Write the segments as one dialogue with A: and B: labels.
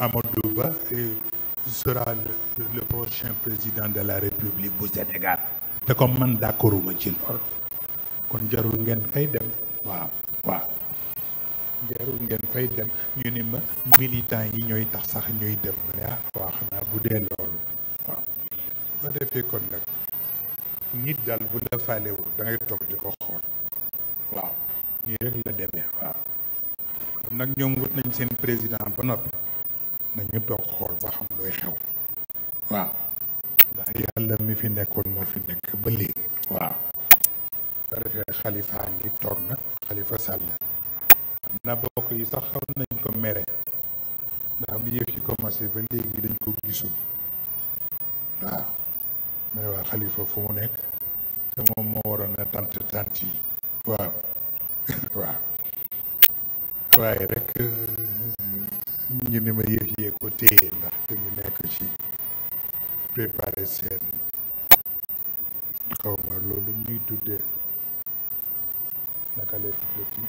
A: Amadou Ba sera le, le prochain président de la République bu Sénégal te comme man d'accorduma ci lool kon jarul ngeen fay dem waaw waaw jarul ngeen fay dem ñu ni ma militant yi ñooy tax sax ñuy dem yaa ah, waaw xanaa bu dee loolu waaw ba defee kon nag nit daal bu la faalewu da toog di ko xool waaw nii rek la demee waaw nag ñoom wut nañ seen président ba noppi nañu toog xool ba xam looy xew waaw ndax yàlla mi fi nekkoon moo fi nekk ba léegi waaw su defee xalifaa ngi toog na xalifa sàll xam naa bokk yi sax xaw nañ ko mere ndax bi yëf ci commencé ba léegi dañ ko gisul waaw mais waa xalifa fu mu nekk te moom moo waroon a tant tant yi waaw waaye rek ñu ni ma yëf yee ko téye ndax dañu nekk ci préparer seen xaw loolu ñuy tuddee naka lay tuddati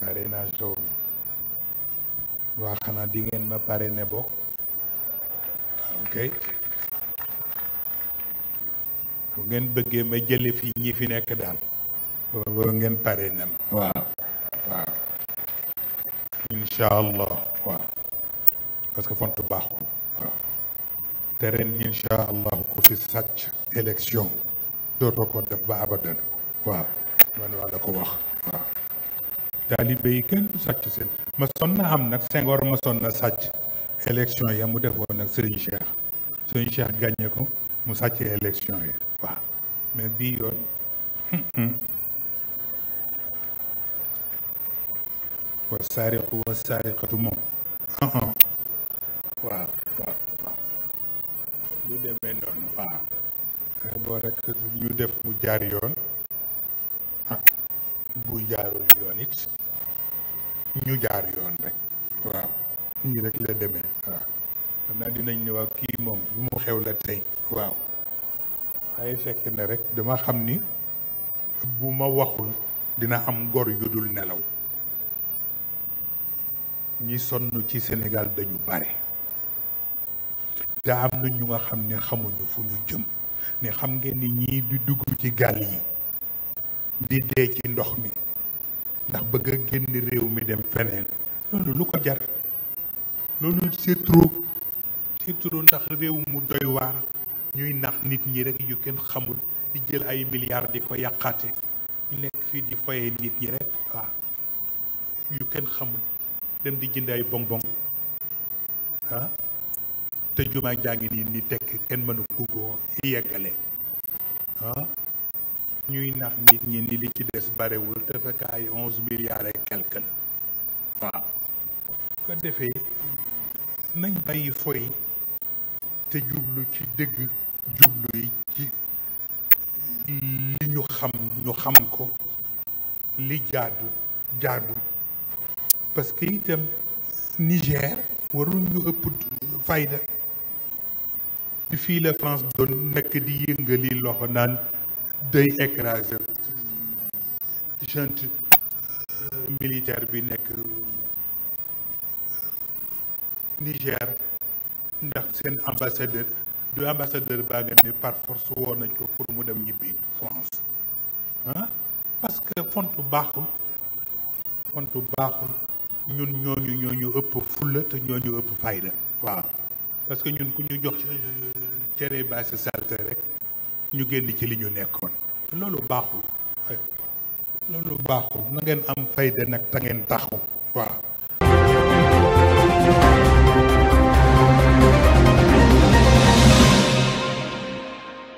A: parrainage xaw ma waa xanaa di ngeen ma parrainé bokk ah, ok bu ngeen bëggee ma jële fi ñi fi nekk daal boobu ngeen parrainé ma waaw incha allah waaw parce que font baaxul waaw te ren incha allah ku fi sàcc élection dootoo ko def ba abadan waaw man waa la ko wax waaw taalibe yi kenn du seen ma son am nag Senghor ma son na sàcc élection ya mu defoon nag Serigne Cheikh Serigne Cheikh gagné ko mu sàcc élection yi waaw mais bii yoon wa saariqu wa saariqatu moom uh-huh. waaw waaw waaw du demee noonu waaw boo rekk ñu def mu jaar yoon ah, bu jaarul yoon it ñu jaar yoon rek waaw ñi rek la demee waaw xam naa dinañ waaw kii moom lu mu xew la tey waaw waaye fekk na rek dama xam ni bu ma waxul dina am gor yu dul nelaw ñi sonn ci Sénégal dañu bare te am na ñu nga xam ne xamuñu fu ñu jëm ne xam ngeen ni ñii di dugg ci gaal yi di dee ci ndox mi ndax bëgg a génn réew mi dem feneen loolu lu ko jar loolu c'est trop c'est ndax réew mu doy waar ñuy nax nit ñi rek yu kenn xamul di jël ay milliards di ko yàqate ñu nekk fii di foye nit ñi rek waaw yu kenn xamul dem di jënd ay bonbon ah te jumaa nii tekk kenn mënu kugoo yeggale ah ñuy nax nit ñi ni li ci des barewul te fekk onze milliards et quelque la ko defee nañ bàyyi foy te jublu ci dëgg jublu yi ci li ñu xam ñu xam ko li jaadu jaadu parce que itam Niger warul ëpp fayda ci fii la France doon nekk di yëngali loxo naan day écraser junte euh, militaire bi nekk euh, Niger ndax seen ambassadeur du ambassadeur baa nga ne par force woon nañ ko pour mu dem ñibbi France ah parce que font baaxul font baaxul ñun ñooñu ñooñu ëpp fulla te ñooñu ëpp fayda waaw parce que ñun ku ñu jox cere baasi salte rek ñu génn ci li ñu nekkoon te loolu baaxul loolu baaxul na ngeen am fayda nag ta ngeen taxu waaw